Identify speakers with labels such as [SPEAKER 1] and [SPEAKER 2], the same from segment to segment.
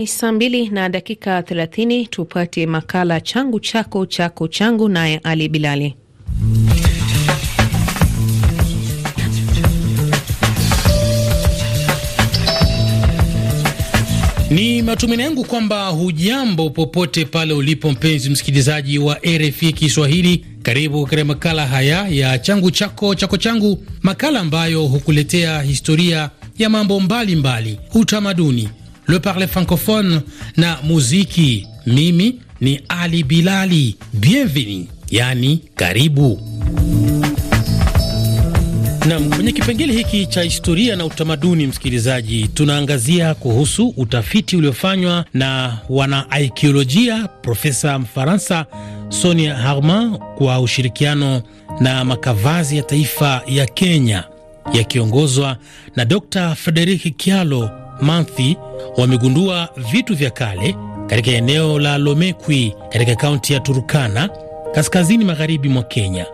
[SPEAKER 1] Ni saa mbili na dakika thelathini. Tupate makala changu chako chako changu, naye Ali Bilali. Ni
[SPEAKER 2] matumaini yangu kwamba hujambo popote pale ulipo, mpenzi msikilizaji wa RFI Kiswahili. Karibu katika makala haya ya changu chako chako changu, makala ambayo hukuletea historia ya mambo mbalimbali, utamaduni le parler francophone na muziki. Mimi ni Ali Bilali, bienvenue, yani karibu nam kwenye kipengele hiki cha historia na utamaduni, msikilizaji, tunaangazia kuhusu utafiti uliofanywa na wanaakiolojia profesa Mfaransa Sonia Harman kwa ushirikiano na makavazi ya taifa ya Kenya yakiongozwa na Dr Frederik Kialo Manthi wamegundua vitu vya kale katika eneo la Lomekwi katika kaunti ya Turkana kaskazini magharibi mwa Kenya,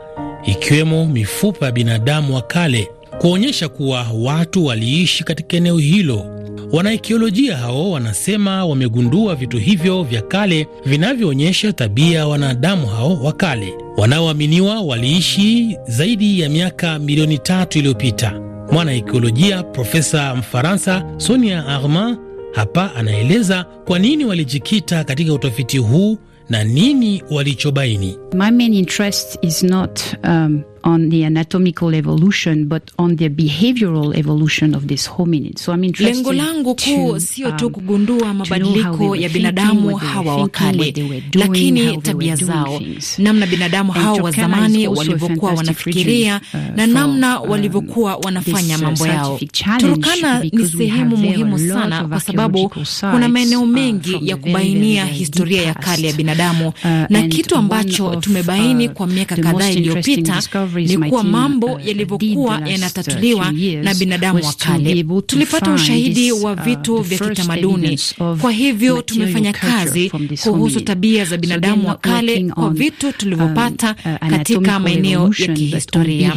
[SPEAKER 2] ikiwemo mifupa ya binadamu wa kale kuonyesha kuwa watu waliishi katika eneo hilo. Wanaikiolojia hao wanasema wamegundua vitu hivyo vya kale vinavyoonyesha tabia ya wanadamu hao wa kale wanaoaminiwa waliishi zaidi ya miaka milioni tatu iliyopita. Mwanaikolojia profesa Mfaransa Sonia Armand hapa anaeleza kwa nini walijikita katika utafiti huu na nini walichobaini.
[SPEAKER 3] My main interest is not, um, on the anatomical evolution but on the behavioral evolution of this hominid. So I'm interested. Lengo langu kuu sio tu um,
[SPEAKER 4] kugundua mabadiliko ya binadamu hawa wa kale, lakini tabia zao, namna binadamu hawa wa zamani walivyokuwa wanafikiria uh, na namna um, walivyokuwa wanafanya mambo yao. Turukana ni sehemu muhimu sana, kwa sababu uh, kuna maeneo mengi ya kubainia historia ya kale ya binadamu, uh, na kitu ambacho tumebaini kwa miaka kadhaa iliyopita ni kuwa mambo uh, yalivyokuwa yanatatuliwa uh, na uh, binadamu wa kale. Tulipata ushahidi wa vitu vya kitamaduni, kwa hivyo tumefanya kazi kuhusu tabia za binadamu wa kale kwa vitu tulivyopata katika maeneo ya kihistoria.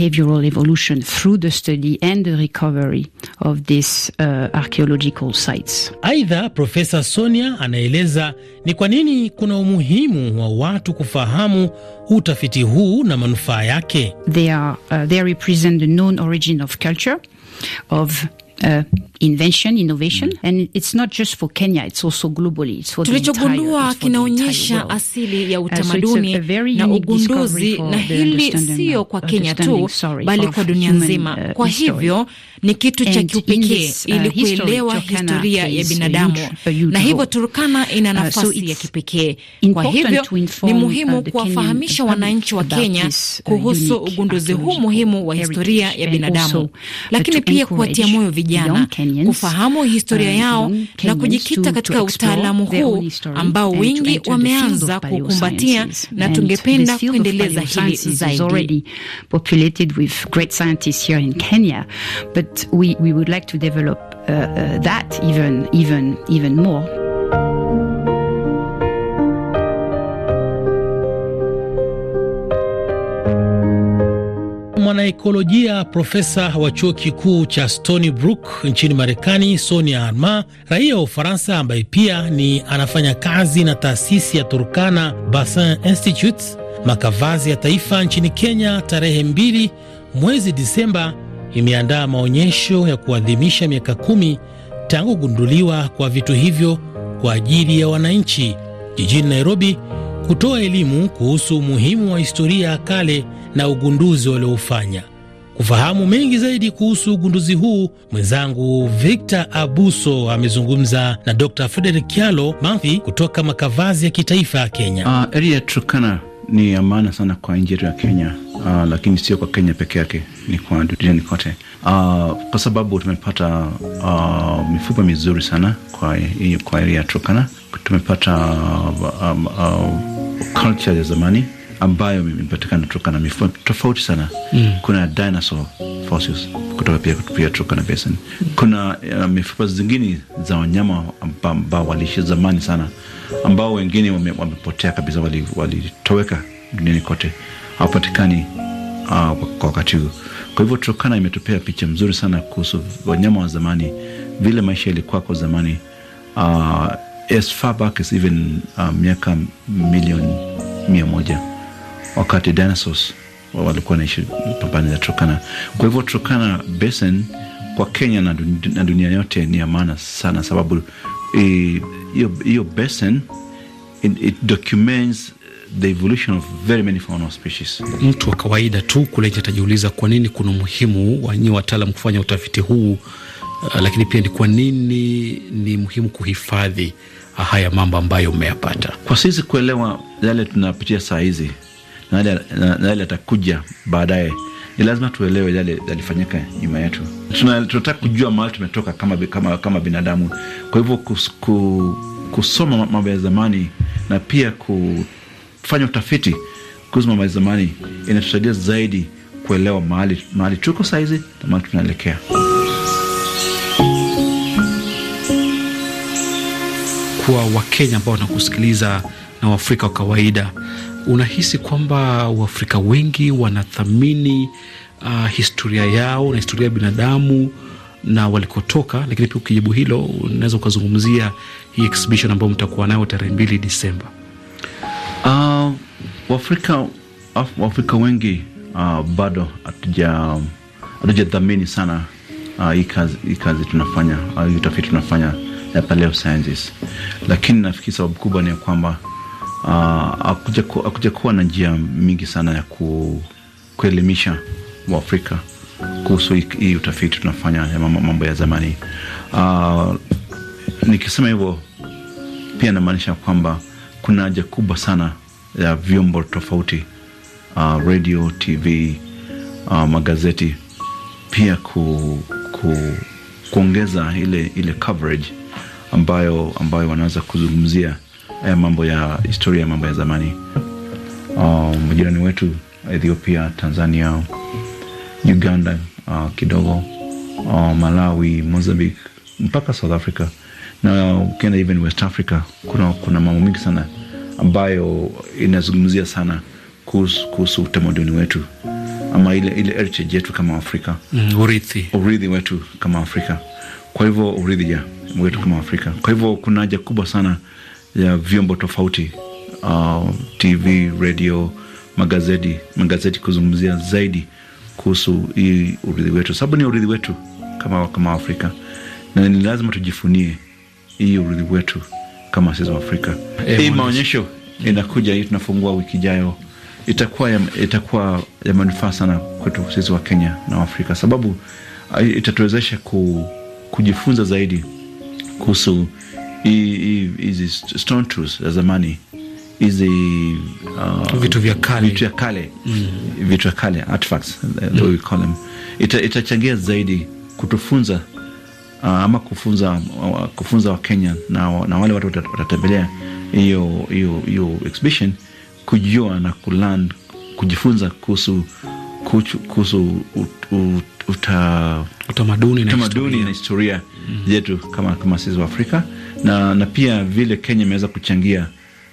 [SPEAKER 2] Aidha, Profesa Sonia anaeleza ni kwa nini kuna umuhimu wa watu kufahamu utafiti huu na manufaa yake.
[SPEAKER 3] They are uh, they represent the known origin of culture, of uh, invention, innovation, mm. and it's not just for Kenya, it's also globally. It's for tulichogundua
[SPEAKER 4] kinaonyesha asili ya utamaduni uh, so na ugunduzi, na hili sio uh, kwa Kenya tu bali kwa dunia nzima. Uh, kwa hivyo ni kitu cha kiupekee uh, ili kuelewa historia ya binadamu uh, na hivyo Turkana ina nafasi uh, so ya kipekee. Kwa hivyo ni uh, muhimu kuwafahamisha wananchi wa Kenya kuhusu ugunduzi huu muhimu wa historia ya binadamu, lakini pia kuwatia moyo vijana kufahamu historia uh, yao na kujikita katika utaalamu huu ambao wengi wameanza kukumbatia, na tungependa kuendeleza hili zaidi.
[SPEAKER 3] populated with great scientists here in Kenya But we, we would like to develop uh, uh, that even, even, even more.
[SPEAKER 2] mwanaekolojia profesa wa chuo kikuu cha Stony Brook nchini Marekani, Sonia Arma, raia wa Ufaransa ambaye pia ni anafanya kazi na taasisi ya Turkana Bassin Institute, makavazi ya taifa nchini Kenya, tarehe mbili mwezi Disemba, imeandaa maonyesho ya kuadhimisha miaka kumi tangu kugunduliwa kwa vitu hivyo kwa ajili ya wananchi jijini Nairobi kutoa elimu kuhusu umuhimu wa historia ya kale na ugunduzi waliofanya Kufahamu mengi zaidi kuhusu ugunduzi huu, mwenzangu Victor Abuso amezungumza na Dr Frederick Kyalo Mamfi kutoka makavazi ya kitaifa ya Kenya. Uh, area ya Turkana
[SPEAKER 5] ni ya maana sana kwa nchi yetu ya Kenya. Uh, lakini sio kwa Kenya peke yake, ni kwa duniani kote uh, kwa sababu tumepata uh, mifupa mizuri sana kwa hiyo kwa area ya Turkana tumepata uh, um, uh, culture ya zamani ambayo imepatikana kutokana na mifumo tofauti sana mm. Kuna dinosaur fossils kutoka pia pia Turkana Basin. Kuna uh, mifupa zingine za wanyama ambao waliishi zamani sana, ambao wengine wamepotea wame kabisa, walitoweka wali duniani kote, hawapatikani uh, kwa wakati huu. Kwa hivyo Turkana imetupea picha mzuri sana kuhusu wanyama wa zamani, vile maisha yalikuwa kwa zamani uh, as far back as even uh, miaka um, milioni mia moja wakati dinosaurs walikuwa naishi pambani za Turkana. Kwa hivyo Turkana basin kwa Kenya na dunia, na dunia yote ni ya maana sana, sababu hiyo basin it, it documents the evolution of very many fauna species.
[SPEAKER 2] Mtu wa kawaida tu kule nje atajiuliza kwa nini kuna umuhimu wa nyinyi wataalam kufanya
[SPEAKER 5] utafiti huu Eh, lakini pia ni kwa nini ni muhimu kuhifadhi eh, haya mambo ambayo umeyapata? Kwa sisi kuelewa yale tunapitia saa hizi na yale yatakuja baadaye, ni lazima tuelewe yale yalifanyika nyuma yetu. Tunataka kujua mahali tumetoka kama, kama, kama binadamu. Kwa hivyo kus, ku, kusoma mambo ya zamani na pia kufanya utafiti kuhusu mambo ya zamani inatusaidia zaidi kuelewa mahali, mahali tuko hizi na mahali tunaelekea. kwa Wakenya ambao wanakusikiliza na Waafrika wa kawaida, unahisi kwamba Waafrika wengi wanathamini uh, historia yao na historia ya binadamu na walikotoka? Lakini pia ukijibu hilo, unaweza ukazungumzia hii exhibition ambayo mtakuwa nayo tarehe mbili Disemba. Uh, Waafrika Waafrika wengi uh, bado hatujathamini sana uh, hii kazi tunafanya uh, utafiti tunafanya ya paleo sciences, lakini nafikiri sababu kubwa ni kwamba ah, hakuja uh, kuwa na njia mingi sana ya ku, kuelimisha Waafrika kuhusu hii utafiti tunafanya ya mambo ya zamani. Uh, nikisema hivyo pia namaanisha kwamba kuna haja kubwa sana ya vyombo tofauti uh, radio, TV, uh, magazeti pia ku, ku, kuongeza ile, ile coverage ambayo, ambayo wanaweza kuzungumzia haya mambo ya historia ya mambo ya zamani. Um, majirani um, wetu Ethiopia, Tanzania, Uganda uh, kidogo uh, Malawi, Mozambique mpaka South Africa na ukienda even West Africa kuna, kuna mambo mingi sana ambayo inazungumzia sana kuhusu, kuhusu utamaduni wetu ama ile, ile heritage yetu kama Afrika mm, urithi, urithi wetu kama Afrika. Kwa hivyo urithi ja wetu kama Afrika. Kwa hivyo kuna haja kubwa sana ya vyombo tofauti uh, TV, radio, magazeti, magazeti kuzungumzia zaidi kuhusu hii urithi wetu, sababu ni urithi wetu kama kama Afrika, na ni lazima tujifunie hii urithi wetu kama sisi wa Afrika. Hey, eh, hii maonyesho inakuja hii, tunafungua wiki ijayo, itakuwa ya, itakuwa ya manufaa sana kwetu sisi wa Kenya na Waafrika, sababu uh, itatuwezesha ku, kujifunza zaidi kuhusu hizi stone tools za zamani hizi uh, vitu vya kale vitu vya kale mm. vitu vya kale artifacts mm. we call them ita, itachangia zaidi kutufunza uh, ama kufunza uh, kufunza wa Kenya na, na wale watu watatembelea hiyo hiyo hiyo exhibition kujua na kulan kujifunza kuhusu kuhusu utamaduni na historia zetu kama, kama sisi wa Afrika na, na pia vile Kenya imeweza kuchangia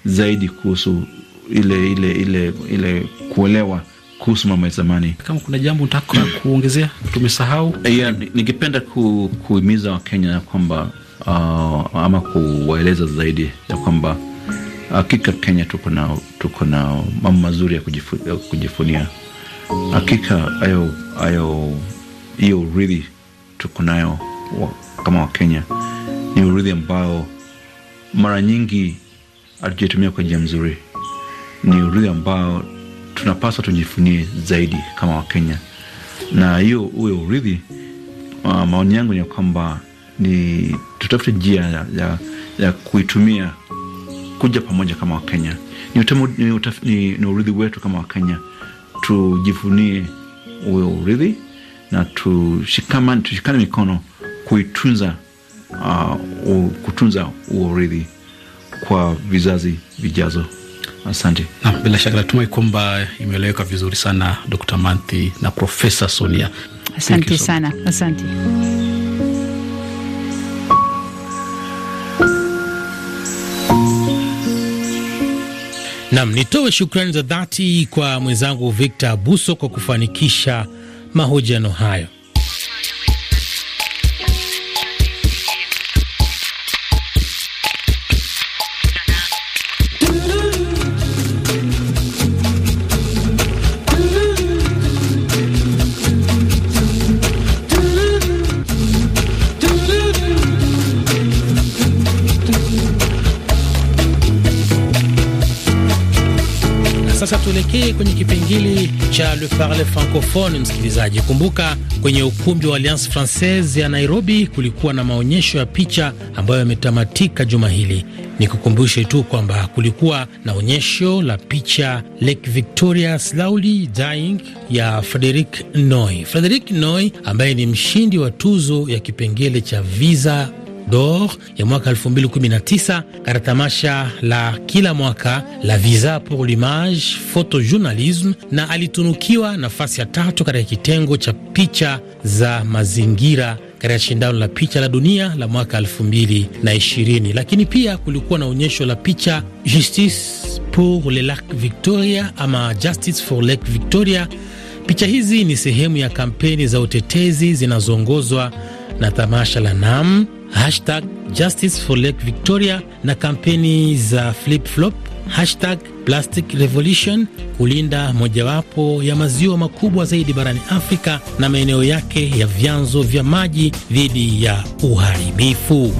[SPEAKER 5] zaidi kuhusu ile ile ile ile kuelewa kuhusu mambo ya zamani. Kama kuna jambo nataka kuongezea tumesahau, yeah, ningependa ku, kuhimiza Wakenya ya kwamba uh, ama kuwaeleza zaidi ya kwamba hakika Kenya tuko na tuko na mambo mazuri ya kujifunia. Hakika hayo hiyo urithi tuko nayo kama Wakenya ni urithi ambao mara nyingi hatujaitumia kwa njia mzuri. Ni urithi ambao tunapaswa tujifunie zaidi kama Wakenya, na hiyo uwe urithi uh, maoni yangu ni kwamba ni tutafute njia ya, ya, ya kuitumia kuja pamoja kama Wakenya. Ni, utamu, ni, utaf, ni, ni urithi wetu kama Wakenya, tujifunie uwe urithi na tushikane mikono kuitunza uh, kutunza uridhi kwa vizazi vijazo. Asante. Na bila shaka natumai kwamba imeeleweka vizuri sana Dr. Manthi na Profesa Sonia.
[SPEAKER 3] Asante so sana. Asante.
[SPEAKER 2] Nam, nitoe shukrani za dhati kwa mwenzangu Victor Buso kwa kufanikisha mahojiano hayo. hii kwenye kipengele cha Le Parle Francophone. Msikilizaji, kumbuka kwenye ukumbi wa Alliance Francaise ya Nairobi kulikuwa na maonyesho ya picha ambayo yametamatika juma hili. Nikukumbushe tu kwamba kulikuwa na onyesho la picha Lake Victoria Slowly Dying ya Frederic Noy. Frederic Noy ambaye ni mshindi wa tuzo ya kipengele cha Visa d'or ya mwaka 2019 katika tamasha la kila mwaka la Visa pour l'image photojournalism, na alitunukiwa nafasi ya tatu katika kitengo cha picha za mazingira katika shindano la picha la dunia la mwaka 2020. Lakini pia kulikuwa na onyesho la picha Justice pour le Lac Victoria ama Justice for Lake Victoria. Picha hizi ni sehemu ya kampeni za utetezi zinazoongozwa na tamasha la NAM hashtag Justice for Lake Victoria na kampeni za Flip Flop, hashtag Plastic Revolution kulinda mojawapo ya maziwa makubwa zaidi barani Afrika na maeneo yake ya vyanzo vya maji dhidi ya uharibifu.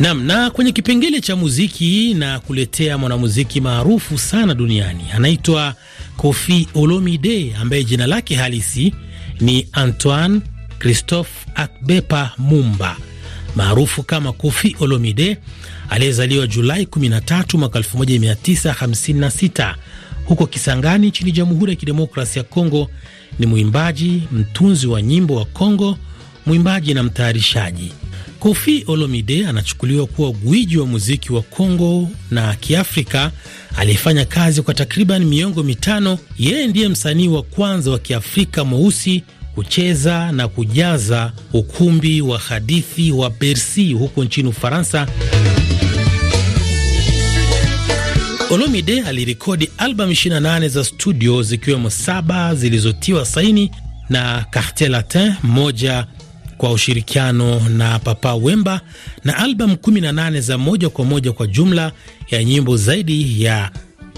[SPEAKER 2] Nam, na kwenye kipengele cha muziki na kuletea mwanamuziki maarufu sana duniani anaitwa Kofi Olomide ambaye jina lake halisi ni Antoine Christophe Akbepa Mumba maarufu kama Kofi Olomide aliyezaliwa Julai 13 mwaka 1956 huko Kisangani nchini Jamhuri ya Kidemokrasia ya Kongo. Ni mwimbaji, mtunzi wa nyimbo wa Kongo, mwimbaji na mtayarishaji. Koffi Olomide anachukuliwa kuwa gwiji wa muziki wa Kongo na Kiafrika aliyefanya kazi kwa takriban miongo mitano. Yeye ndiye msanii wa kwanza wa Kiafrika mweusi kucheza na kujaza ukumbi wa hadithi wa Bercy huko nchini Ufaransa. Olomide alirekodi albamu 28 za studio zikiwemo saba zilizotiwa saini na carte Latin, moja kwa ushirikiano na Papa Wemba na albamu 18 za moja kwa moja kwa jumla ya nyimbo zaidi ya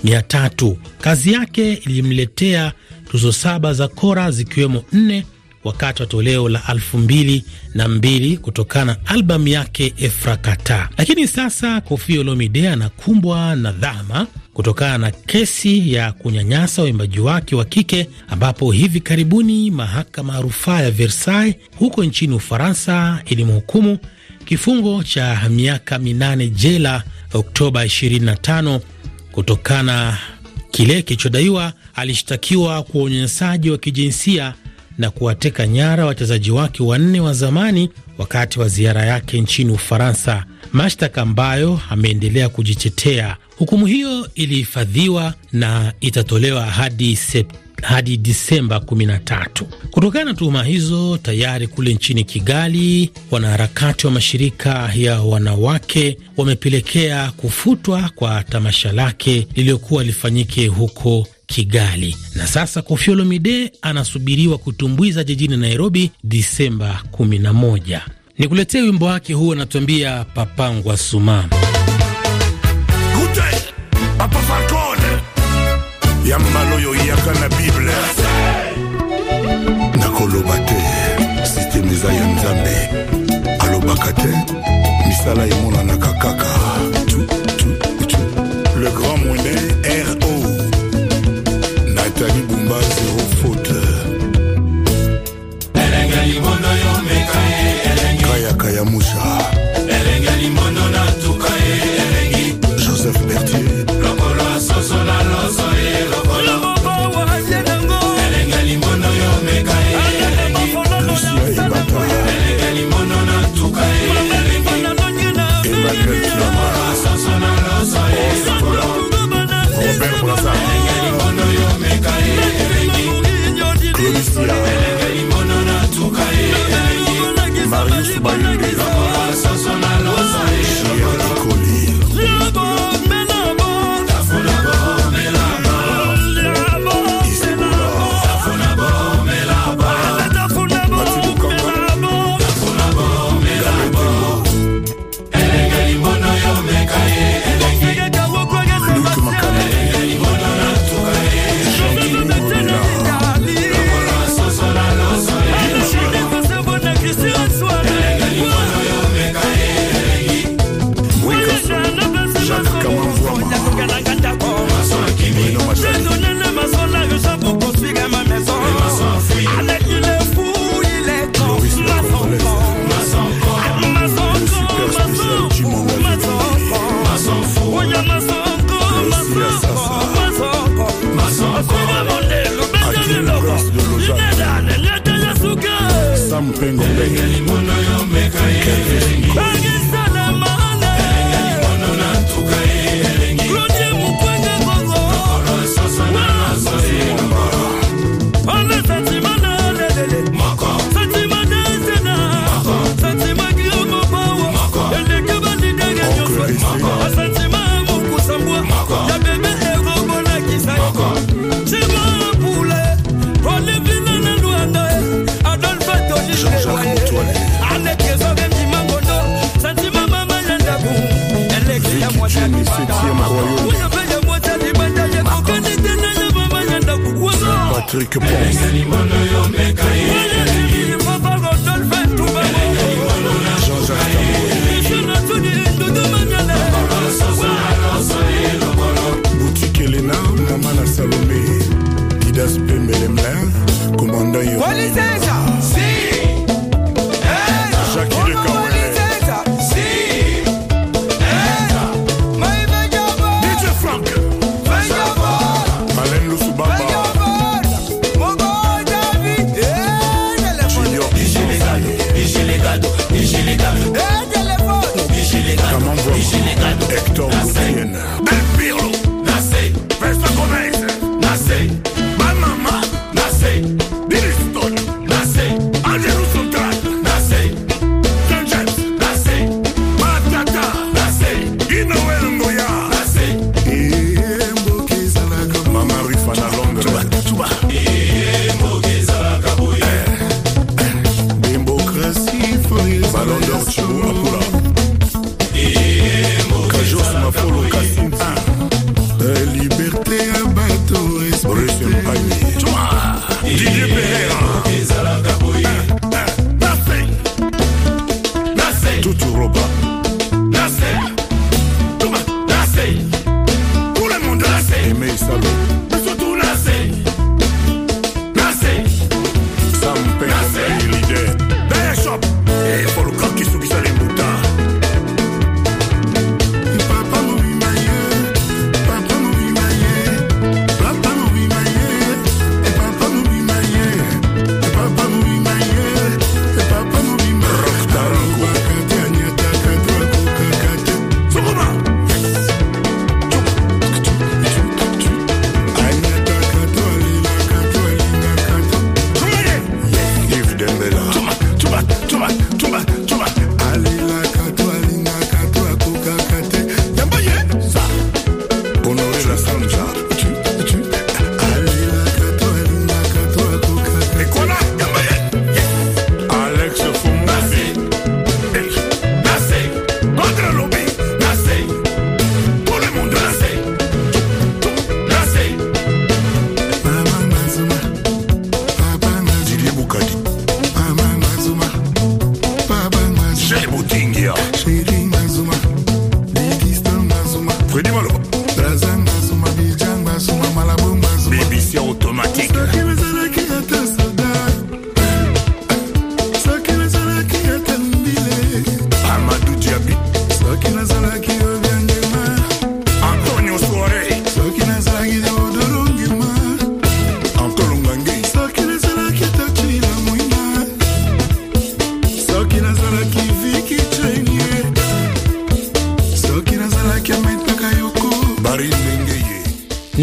[SPEAKER 2] 3 Kazi yake ilimletea tuzo saba za Kora zikiwemo nne wakati wa toleo la elfu mbili na mbili kutokana albamu yake Efrakata. Lakini sasa kofi Olomide anakumbwa na dhama kutokana na kesi ya kunyanyasa waimbaji wake wa kike, ambapo hivi karibuni mahakama ya rufaa ya Versailles huko nchini Ufaransa ilimhukumu kifungo cha miaka minane jela Oktoba 25 kutokana kile kilichodaiwa alishtakiwa kwa unyanyasaji wa kijinsia na kuwateka nyara wachezaji wake wanne wa zamani wakati wa ziara yake nchini Ufaransa, mashtaka ambayo ameendelea kujitetea. Hukumu hiyo ilihifadhiwa na itatolewa hadi sep hadi Disemba 13. Kutokana na tuhuma hizo, tayari kule nchini Kigali, wanaharakati wa mashirika ya wanawake wamepelekea kufutwa kwa tamasha lake lililokuwa lifanyike huko Kigali, na sasa Koffi Olomide anasubiriwa kutumbuiza jijini Nairobi Disemba 11. Nikuletee wimbo wake huo, anatuambia papangwa suma
[SPEAKER 6] na nakoloba te systeme eza ya nzambe alobaka te misala emonanaka kaka tu, tu, tu. le grand mpengo truc money.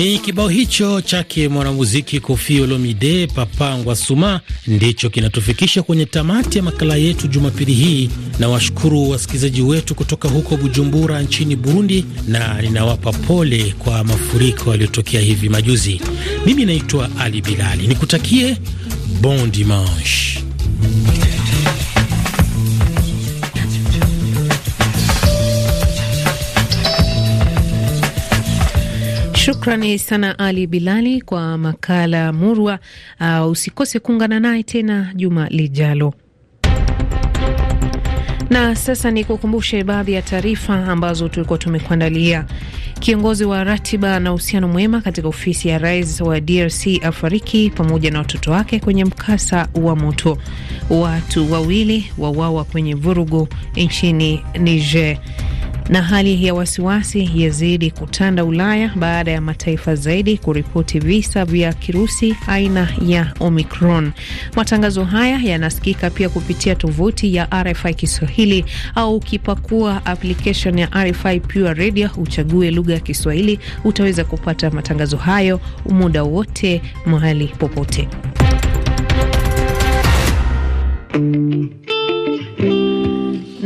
[SPEAKER 2] Ni kibao hicho chake mwanamuziki Kofi Olomide, Papa Ngwasuma, ndicho kinatufikisha kwenye tamati ya makala yetu Jumapili hii. Na washukuru wasikilizaji wetu kutoka huko Bujumbura nchini Burundi, na ninawapa pole kwa mafuriko yaliyotokea hivi majuzi. Mimi naitwa Ali Bilali, nikutakie bon dimanche.
[SPEAKER 1] Shukrani sana Ali Bilali kwa makala murwa. Uh, usikose kuungana naye tena juma lijalo. Na sasa ni kukumbushe baadhi ya taarifa ambazo tulikuwa tumekuandalia. Kiongozi wa ratiba na uhusiano mwema katika ofisi ya rais wa DRC afariki pamoja na watoto wake kwenye mkasa wa moto. Watu wawili wauawa kwenye vurugu nchini Niger. Na hali ya wasiwasi yazidi kutanda Ulaya baada ya mataifa zaidi kuripoti visa vya kirusi aina ya Omicron. Matangazo haya yanasikika pia kupitia tovuti ya RFI Kiswahili au ukipakua application ya RFI Pure Radio uchague lugha ya Kiswahili, utaweza kupata matangazo hayo muda wote mahali popote.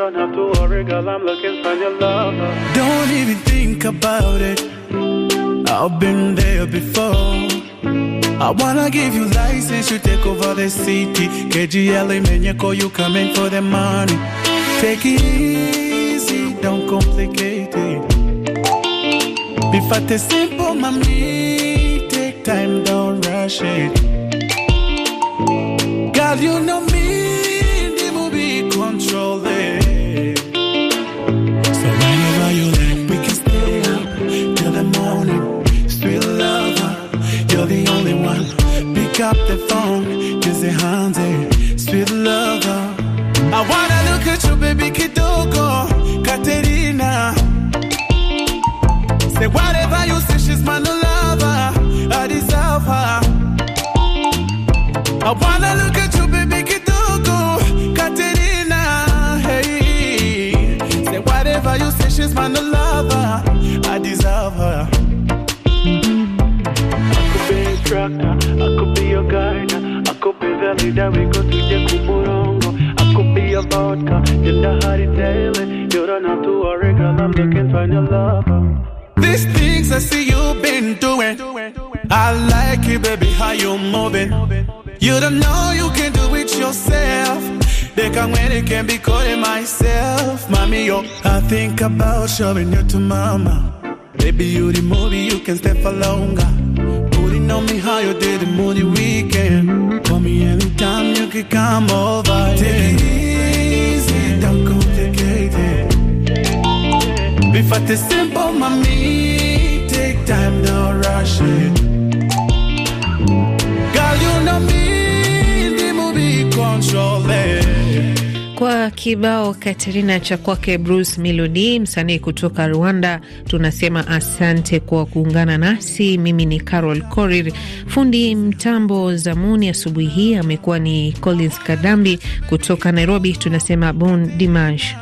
[SPEAKER 7] don't have to worry, girl, I'm looking for your lover. Don't even think about it. I've been there before. I wanna give you license, to take over the city. KGL, and you call you coming for the money. Take it easy, don't complicate it. Before the simple, mommy, take time, don't rush it. Girl, you know me, they will be controlling. the only one. Pick up the phone, nize hanze, sweet lover. I wanna look at you baby kidogo, Katerina. Say whatever you say, she's my new lover. I deserve her. I wanna look at you, baby, kidogo, Katerina. Hey, say whatever you say, she's my new lover. I deserve her. we go to the Kuburongo. I could be a vodka, in the You don't have to worry, girl, I'm looking for your lover. These things I see you've been doing. I like you, baby, how you moving. You don't know you can do it yourself. They can when they can be calling myself Mommy, yo I think about showing you to mama Baby, you the movie, you can stay for longer on me how you did the moody weekend. Call me anytime you can come over. Take it easy, don't complicate it. Before they
[SPEAKER 1] kibao Katerina cha kwake Bruce Melody, msanii kutoka Rwanda. Tunasema asante kwa kuungana nasi. Mimi ni Carol Korir, fundi mtambo zamuni asubuhi hii amekuwa ni Collins Kadambi kutoka Nairobi. Tunasema bon dimanche.